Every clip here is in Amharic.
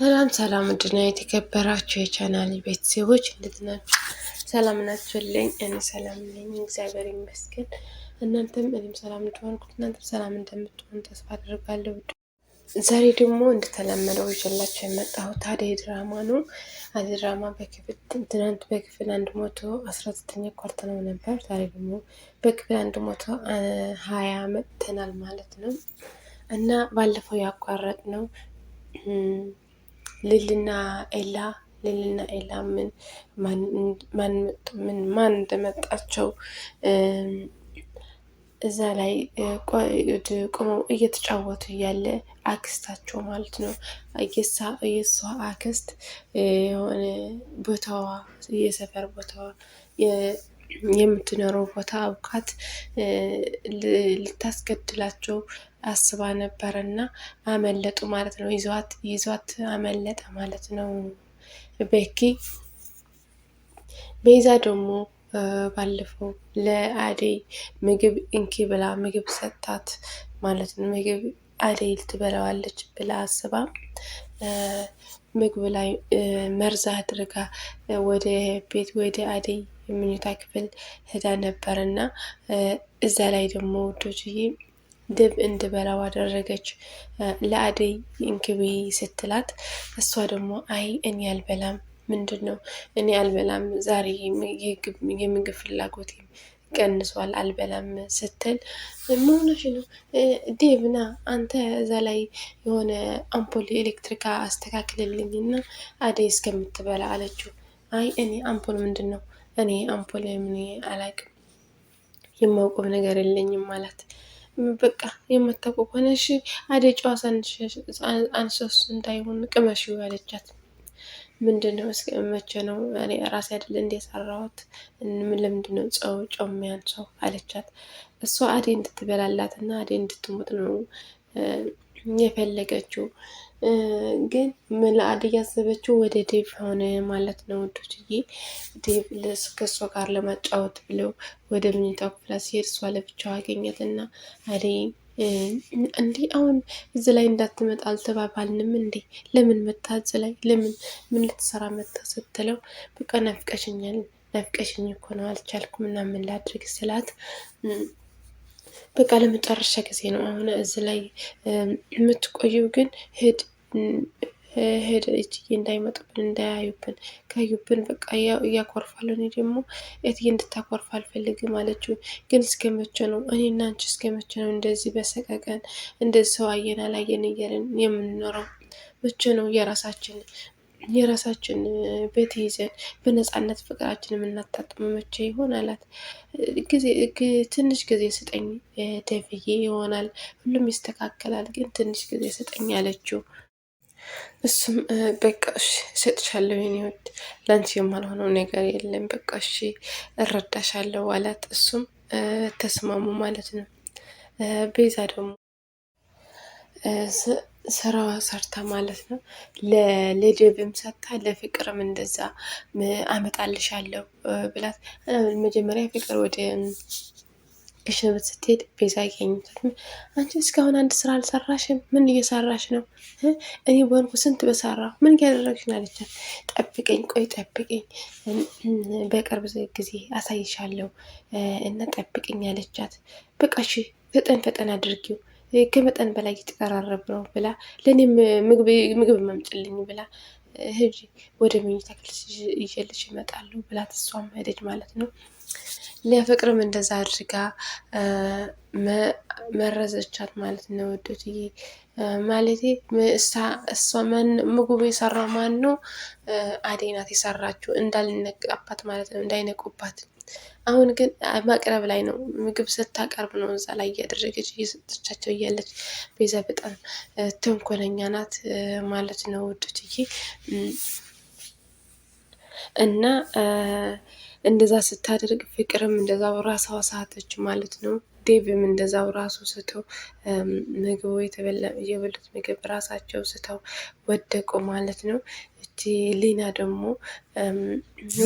ሰላም ሰላም፣ ውድና የተከበራችሁ የቻናል ቤተሰቦች እንዴት ናችሁ? ሰላም ናችሁልኝ? እኔ ሰላም ነኝ፣ እግዚአብሔር ይመስገን። እናንተም እኔም ሰላም እንደሆንኩት እናንተም ሰላም እንደምትሆን ተስፋ አድርጋለሁ። ዛሬ ደግሞ እንደተለመደው ይዤላችሁ የመጣሁት አደይ ድራማ ነው። አደይ ድራማ በክፍል ትናንት በክፍል አንድ መቶ አስራ ዘጠኛ ኳርት ነው ነበር። ዛሬ ደግሞ በክፍል አንድ መቶ ሀያ መጥተናል ማለት ነው እና ባለፈው ያቋረጥ ነው ልልና ኤላ ልልና ኤላ ምን ምን ማን እንደመጣቸው እዛ ላይ ቆመው እየተጫወቱ እያለ አክስታቸው ማለት ነው የሳ የሷ አክስት የሆነ ቦታዋ የሰፈር ቦታዋ የምትኖረው ቦታ አብቃት ልታስገድላቸው አስባ ነበር እና አመለጡ ማለት ነው። ይዟት አመለጠ ማለት ነው ቤኪ። ቤዛ ደግሞ ባለፈው ለአደይ ምግብ እንኪ ብላ ምግብ ሰጣት ማለት ነው። ምግብ አደይ ልትበላዋለች ብላ አስባ ምግብ ላይ መርዛ አድርጋ ወደ ቤት ወደ አደይ የምኝታ ክፍል ሄዳ ነበር እና እዛ ላይ ደግሞ ዶችዬ ድብ እንድበላው አደረገች። ለአደይ እንክቤ ስትላት እሷ ደግሞ አይ እኔ አልበላም፣ ምንድን ነው እኔ አልበላም፣ ዛሬ የምግብ ፍላጎት ቀንሷል፣ አልበላም ስትል መሆንሽ ነው ዴብና አንተ እዛ ላይ የሆነ አምፖል ኤሌክትሪካ አስተካክልልኝና አደይ እስከምትበላ አለችው። አይ እኔ አምፖል ምንድን ነው እኔ አምፖል ምን አላቅም የማውቀው ነገር የለኝም አላት። በቃ የማታውቀው ከሆነ እሺ አደይ ጨዋታ አንሶስ እንዳይሆን ቅመሽ ያለቻት ምንድን ነው እስኪ መቼ ነው እኔ ራሴ አይደል እንዴ የሰራሁት ለምንድን ነው ጨው ጨው የሚያንሰው አለቻት እሷ አደይ እንድትበላላት እና አደይ እንድትሞት ነው የፈለገችው ግን ምልአድ እያሰበችው ወደ ዴቭ ሆነ ማለት ነው ወዶችዬ። ዴቭ ከእሷ ጋር ለማጫወት ብለው ወደ ምኝታ ክፍላ ሲሄድ እሷ ለብቻው አገኘት አገኘትና አደይ እንዲህ አሁን እዚ ላይ እንዳትመጣ አልተባባልንም እንዴ? ለምን መታ እዚ ላይ ለምን ምን ልትሰራ መታ ስትለው በቃ ናፍቀሽኛል፣ ናፍቀሽኝ እኮ ነው አልቻልኩም እና ምን ላድርግ ስላት በቃ ለመጨረሻ ጊዜ ነው አሁን እዚህ ላይ የምትቆየው። ግን ሄድ ሄደ እትዬ እንዳይመጡብን እንዳያዩብን፣ ከዩብን በቃ እያኮርፋል። እኔ ደግሞ እትዬ እንድታኮርፍ አልፈልግም አለችው። ግን እስከ ነው እኔ እና አንቺ እስከ ነው እንደዚህ በሰቀቀን እንደዚህ ሰው አየን አላየን እያለን የምንኖረው? መቼ ነው የራሳችን የራሳችን ቤት ይዘን በነፃነት ፍቅራችን የምናጣጥመው መቼ ይሆን አላት። ትንሽ ጊዜ ስጠኝ ደብዬ ይሆናል ሁሉም ይስተካከላል፣ ግን ትንሽ ጊዜ ስጠኝ አለችው። እሱም በቃሽ እሺ እሰጥሻለሁ፣ የኔ ወድ ለአንቺ የማልሆነው ነገር የለም፣ በቃሽ እረዳሻለሁ አላት። እሱም ተስማሙ ማለት ነው። ቤዛ ደግሞ ስራዋ ሰርታ ማለት ነው። ለደብም ሰጥታ ለፍቅርም እንደዛ አመጣልሻለሁ ብላት መጀመሪያ ፍቅር ወደ ሽን ስትሄድ ቤዛ ይገኝታት። አንቺ እስካሁን አንድ ስራ አልሰራሽም፣ ምን እየሰራሽ ነው? እኔ በሆንኩ ስንት በሰራ ምን እያደረግሽ ነው አለቻት። ጠብቀኝ፣ ቆይ ጠብቀኝ፣ በቅርብ ጊዜ አሳይሻለሁ እና ጠብቀኝ አለቻት። በቃ እሺ፣ ፈጠን ፈጠን አድርጊው ከመጠን በላይ እየተቀራረብ ነው ብላ ለእኔ ምግብ መምጭልኝ ብላ ህጂ ወደ መኝታ ክፍል ይዤልሽ እመጣለሁ ብላ እሷም ሄደች ማለት ነው። ለፍቅርም እንደዛ አድርጋ መረዘቻት ማለት ነው። ወዶትዬ ማለቴ እሷ ምግቡ የሰራው ማን ነው? አደይ ናት የሰራችው እንዳልነቃባት ማለት ነው፣ እንዳይነቁባት። አሁን ግን ማቅረብ ላይ ነው፣ ምግብ ስታቀርብ ነው እዛ ላይ እያደረገች እየሰጠቻቸው እያለች። ቤዛ በጣም ተንኮለኛ ናት ማለት ነው ውድትዬ እና እንደዛ ስታደርግ ፍቅርም እንደዛው ራሷ ሳተች ማለት ነው። ዴቭም እንደዛው ራሱ ስተው ምግቡ የበሉት ምግብ ራሳቸው ስተው ወደቁ ማለት ነው። እቺ ሊና ደግሞ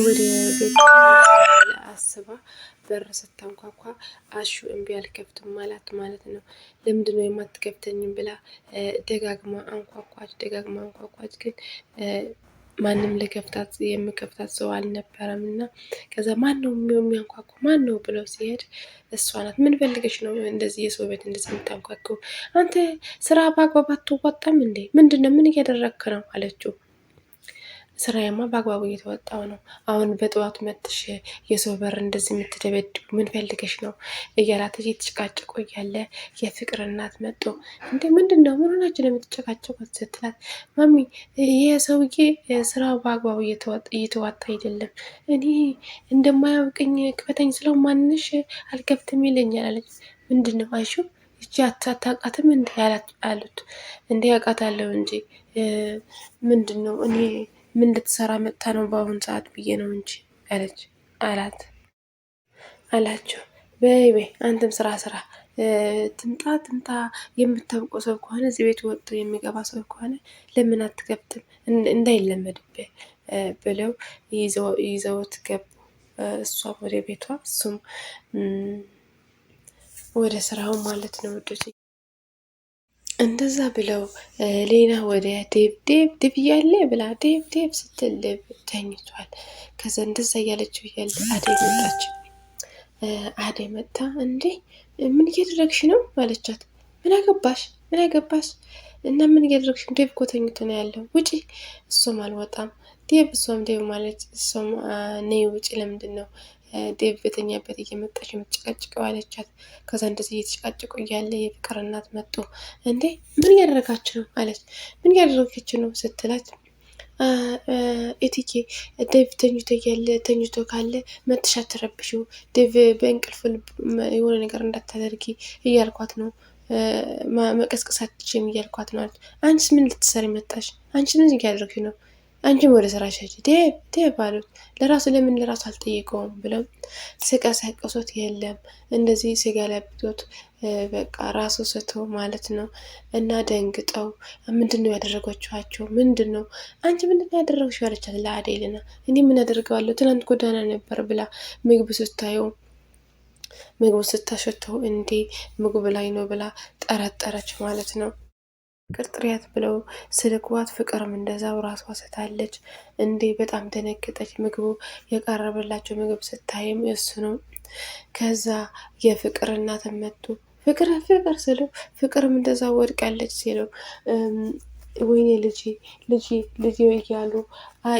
ወደ ቤት አስባ በር ስታንኳኳ አሹ እምቢ አልከፍትም ማላት ማለት ነው። ለምንድነው የማትከፍተኝም ብላ ደጋግማ አንኳኳች፣ ደጋግማ አንኳኳች ግን ማንም ልከፍታት የምከፍታት ሰው አልነበረም እና ከዛ ማን ነው የሚያንኳኩ ማን ነው ብለው ሲሄድ እሷ ናት። ምን ፈልገሽ ነው እንደዚህ የሰው ቤት እንደዚህ የምታንኳኩ? አንተ ስራ በአግባብ አትወጣም እንዴ? ምንድን ነው ምን እያደረግክ ነው አለችው። ስራዬማ በአግባቡ እየተወጣው ነው። አሁን በጠዋቱ መጥሽ የሰው በር እንደዚህ የምትደበድቡ ምን ፈልገሽ ነው? እያላት እየተጨቃጨቁ እያለ የፍቅር እናት መጡ። እንደ ምንድን ነው ምን ሆናችሁ የምትጨቃጨቁት ስትላት፣ ማሚ ይህ ሰውዬ ስራው በአግባቡ እየተዋጣ አይደለም። እኔ እንደማያውቅኝ ክፈተኝ ስለው ማንሽ አልከፍትም ይለኛል አለች። ምንድን ነው አሹ እጅ አታውቃትም እንዲህ አሉት። እንዲ ያውቃታለሁ እንጂ ምንድን ነው እኔ ምን ልትሰራ መጥታ ነው በአሁን ሰዓት ብዬ ነው እንጂ አለች አላት አላቸው። በይ በይ አንተም ስራ ስራ ትምጣ ትምጣ የምታውቀ ሰው ከሆነ እዚህ ቤት ወጥቶ የሚገባ ሰው ከሆነ ለምን አትገብትም እንዳይለመድብህ ብለው ይዘውት ገቡ። እሷም ወደ ቤቷ እሱም ወደ ስራው ማለት ነው። ውዶች እንደዛ ብለው ሌና ወደ ዴብ ዴብ ዴብ እያለ ብላ ዴብ ዴብ ስትል ዴብ ተኝቷል። ከዛ እንደዛ እያለችው እያለ አደይ መጣች። አደይ መጣ። እንዴ ምን እያደረግሽ ነው አለቻት። ምን አገባሽ ምን አገባሽ እና ምን እያደረግሽ ዴብ እኮ ተኝቶ ነው ያለው። ውጪ እሱም አልወጣም ዴብ እሷም ዴብ ማለት እሷም ነይ ውጪ። ለምንድን ነው ዴቭ በተኛበት እየመጣች የምትጨቃጭቀው አለቻት። ከዛ እንደዚህ እየተጨቃጭቁ እያለ የፍቅር እናት መጡ። እንዴ ምን እያደረጋች ነው አለች። ምን እያደረገች ነው ስትላት ኤቲኬ ዴቭ ተኝቶ እያለ ተኝቶ ካለ መጥሻ አትረብሺው፣ ዴቭ በእንቅልፍ የሆነ ነገር እንዳታደርጊ እያልኳት ነው መቀስቀሳት ችም እያልኳት ነው አለች። አንቺስ ምን ልትሰሪ መጣሽ? አንቺ ምን እያደረግሽ ነው አንቺም ወደ ስራሽ ሂጂ ዴብ ዴብ አሉት። ለራሱ ለምን ለራሱ አልጠየቀውም ብለው ስቀሰቅሱት የለም እንደዚህ ሲገለብጡት በቃ ራሱ ስቶ ማለት ነው። እና ደንግጠው ምንድን ነው ያደረጓችኋቸው? ምንድን ነው አንቺ ምንድን ነው ያደረግሽው? አለቻት ለአዴልና እኔ ምን አደርገዋለሁ ትናንት ጎዳና ነበር ብላ ምግብ ስታየው ምግቡ ስታሸተው እንዴ ምግብ ላይ ነው ብላ ጠረጠረች ማለት ነው። ጥሪያት ብለው ስልኳት ፍቅርም እንደዛው ራሷ ስታለች እንዴ በጣም ደነገጠች። ምግቡ የቀረበላቸው ምግብ ስታይም እሱ ነው። ከዛ የፍቅር እናትን መጡ። ፍቅር ፍቅር ስለው ፍቅርም እንደዛ ወድቃለች ሲለው ወይኔ ልጅ ልጅ ልጅ እያሉ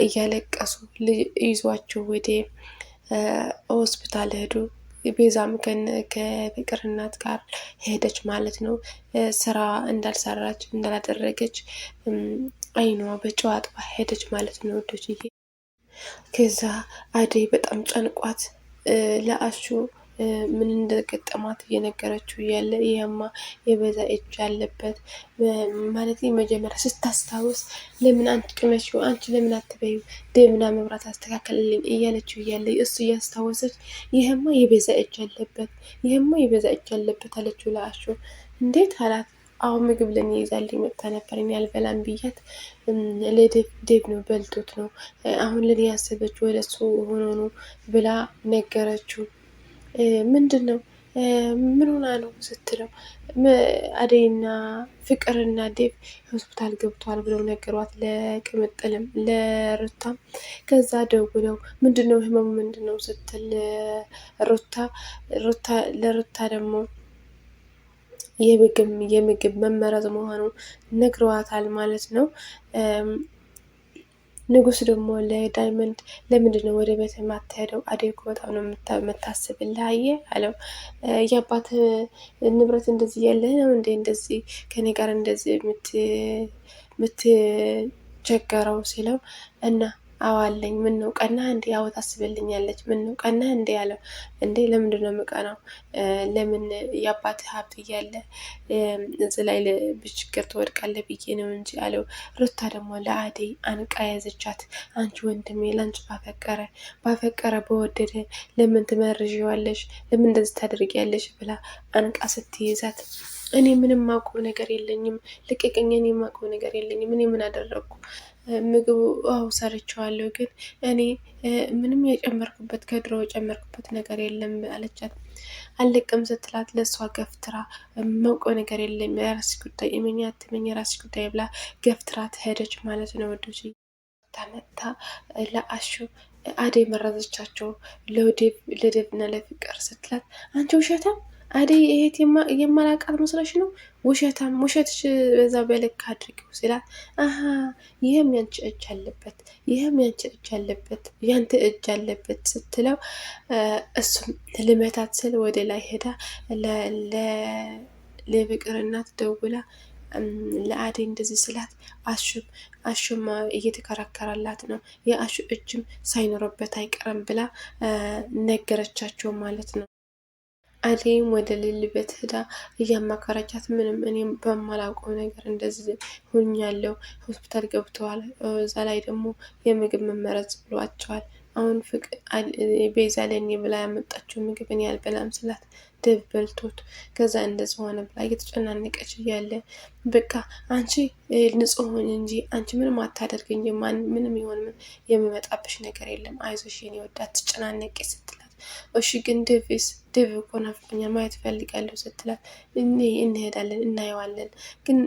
እያለቀሱ ይዟቸው ወደ ሆስፒታል ሄዱ። ቤዛም ከፍቅር እናት ጋር ሄደች ማለት ነው። ስራ እንዳልሰራች እንዳላደረገች አይኗ በጨዋጥባ ሄደች ማለት ነው ወዶችዬ። ከዛ አደይ በጣም ጨንቋት ለአሹ ምን እንደገጠማት እየነገረችው እያለ ይህማ የበዛ እጅ ያለበት ማለት መጀመሪያ ስታስታውስ ለምን አንቺ ጭመሽው አንቺ ለምን አትበዩ ደምና መብራት አስተካከልልኝ እያለችው እያለ እሱ እያስታወሰች ይህማ የበዛ እጅ ያለበት ይህማ የበዛ እጅ ያለበት አለችው ለአሹ። እንዴት አላት። አሁን ምግብ ለኔ ይዛልኝ መጥታ ነበር። እኔ አልበላም ብያት ለዴቭ ነው በልቶት ነው አሁን ለኔ ያሰበችው ወደሱ ሆኖ ነው ብላ ነገረችው። ምንድን ነው ምን ሆና ነው ስትለው አደይና ፍቅርና ዴቭ ሆስፒታል ገብተዋል ብለው ነገሯት። ለቅምጥልም ለሩታም ከዛ ደውለው ምንድን ነው ህመሙ ምንድን ነው ስትል ሩታ ለሩታ ደግሞ የምግብ መመረዝ መሆኑ ነግረዋታል ማለት ነው። ንጉስ ደግሞ ለዳይመንድ ለምንድን ነው ወደ ቤት የማትሄደው? አደይ እኮ በጣም ነው የምታስብልህ አየህ አለው። የአባት ንብረት እንደዚህ ያለህ ነው እንዴ እንደዚህ ከኔ ጋር እንደዚህ የምትቸገረው ሲለው እና አዋለኝ ምን ነው ቀናህ እንዴ? አዎ ታስብልኛለች። ምን ነው ቀናህ እንዴ? አለው እንዴ ለምንድን ነው የምቀናው? ለምን የአባት ሀብት እያለ እዚህ ላይ ብችግር ትወድቃለ ብዬ ነው እንጂ አለው። ሩታ ደግሞ ለአደይ አንቃ ያዘቻት። አንቺ ወንድሜ ለአንቺ ባፈቀረ ባፈቀረ በወደደ ለምን ትመርዥዋለሽ? ለምን እንደዚህ ታደርጊያለሽ? ብላ አንቃ ስትይዛት እኔ ምንም ማውቀው ነገር የለኝም ልቅቅኝ፣ እኔ ማውቀው ነገር የለኝም፣ እኔ ምን አደረግኩ ምግቡ አው ሰርቸዋለሁ፣ ግን እኔ ምንም የጨመርኩበት ከድሮ የጨመርኩበት ነገር የለም አለቻት። አልቅም ስትላት ለእሷ ገፍትራ መውቀ ነገር የለም የራስ ጉዳይ የመኛ ትመኝ የራስ ጉዳይ ብላ ገፍትራ ትሄደች ማለት ነው። ወደ ታመጣ ለአሹ አደይ መረዘቻቸው ለዴቭና ለፍቅር ስትላት አንቺ ውሸታም አደይ እህት የማላቃት መስለሽ ነው? ውሸታም ውሸትሽ በዛ በልክ አድርጊው ሲላት፣ አሀ ይህም ያንቺ እጅ አለበት፣ ይህም ያንቺ እጅ አለበት፣ ያንተ እጅ አለበት ስትለው፣ እሱም ልመታት ስል ወደ ላይ ሄዳ ለፍቅር እናት ደውላ ለአደይ እንደዚህ ስላት አሹም አሹም እየተከራከራላት ነው የአሹ እጅም ሳይኖርበት አይቀርም ብላ ነገረቻቸው ማለት ነው። አደይም ወደ ልል ቤት ሄዳ እያማከረቻት ምንም እኔ በማላውቀው ነገር እንደዚህ ያለው ሆስፒታል ገብተዋል፣ እዛ ላይ ደግሞ የምግብ መመረዝ ብሏቸዋል። አሁን ፍቅር ቤዛ ለእኔ ብላ ያመጣችው ምግብ እኔ አልበላም ስላት ድብ በልቶት ከዛ እንደዚ ሆነ ብላ እየተጨናነቀች እያለ በቃ አንቺ ንጹሕ እንጂ አንቺ ምንም አታደርግ እንጂ ምንም ይሆን የሚመጣብሽ ነገር የለም አይዞሽ የኔ ወዳት ትጨናነቂ እሺ ግን ዴቪስ ዴቪ እኮ ናፍቆኛል ማየት ፈልጋለሁ ስትላት እኔ እንሄዳለን እናየዋለን ግን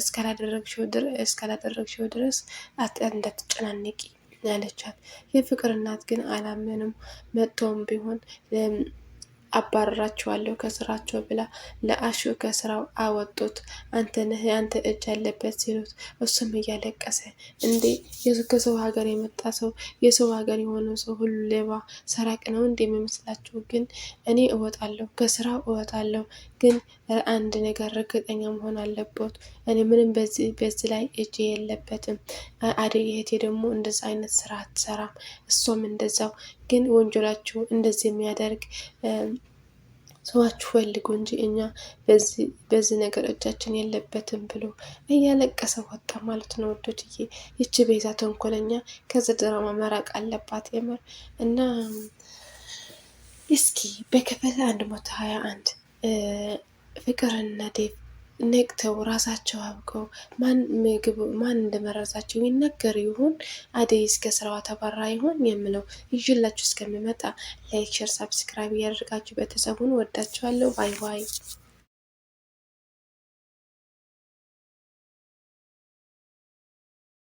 እስካላደረግሽው ድረስ እንዳትጨናነቂ ያለቻት የፍቅር እናት ግን አላመንም። መጥቶም ቢሆን አባረራቸዋለሁ ከስራቸው ብላ ለአሹ ከስራው አወጡት። አንተ ነህ አንተ እጅ ያለበት ሲሉት እሱም እያለቀሰ እንዴ ከሰው ሀገር የመጣ ሰው የሰው ሀገር የሆነ ሰው ሁሉ ሌባ ሰራቅ ነው እንዴ የሚመስላችሁ? ግን እኔ እወጣለሁ ከስራው እወጣለሁ ግን አንድ ነገር እርግጠኛ መሆን አለበት። እኔ ምንም በዚህ ላይ እጅ የለበትም። አደይ እህቴ ደግሞ እንደዛ አይነት ስራ አትሰራም። እሷም እንደዛው። ግን ወንጀላችሁ እንደዚህ የሚያደርግ ሰዋችሁ ፈልጉ እንጂ እኛ በዚህ ነገር እጃችን የለበትም ብሎ እያለቀሰ ወጣ ማለት ነው። ወዶችዬ ይቺ ቤዛ ተንኮለኛ ከዚህ ድራማ መራቅ አለባት የምር እና እስኪ በክፍል አንድ መቶ ሀያ አንድ ፍቅርና ዴቭ ነቅተው ራሳቸው አብቀው ማን ምግብ ማን እንደመረዛቸው ይነገር ይሁን አደይ እስከ ስራዋ ተባራ ይሁን የምለው ይዤላችሁ እስከሚመጣ ላይክ፣ ሸር፣ ሳብስክራይብ እያደርጋችሁ ቤተሰቡን ወዳችኋለሁ። ባይ ባይ።